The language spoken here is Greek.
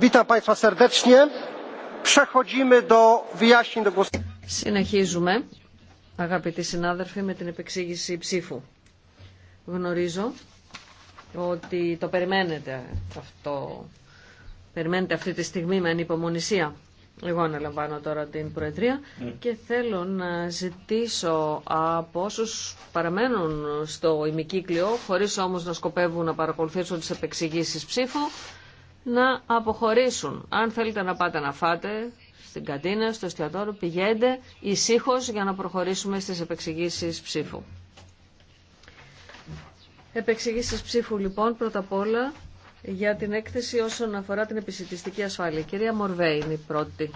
Witam Państwa Συνεχίζουμε, αγαπητοί συνάδελφοι, με την επεξήγηση ψήφου. Γνωρίζω ότι το περιμένετε αυτό, περιμένετε αυτή τη στιγμή με ανυπομονησία. Εγώ αναλαμβάνω τώρα την Προεδρία και θέλω να ζητήσω από όσου παραμένουν στο ημικύκλιο, χωρίς όμως να σκοπεύουν να παρακολουθήσουν τις επεξηγήσεις ψήφου, να αποχωρήσουν. Αν θέλετε να πάτε να φάτε στην καντίνα, στο εστιατόριο, πηγαίνετε ησύχω για να προχωρήσουμε στις επεξηγήσεις ψήφου. Επεξηγήσεις ψήφου λοιπόν πρώτα απ' όλα για την έκθεση όσον αφορά την επισητιστική ασφάλεια. κυρία Μορβέ είναι η πρώτη.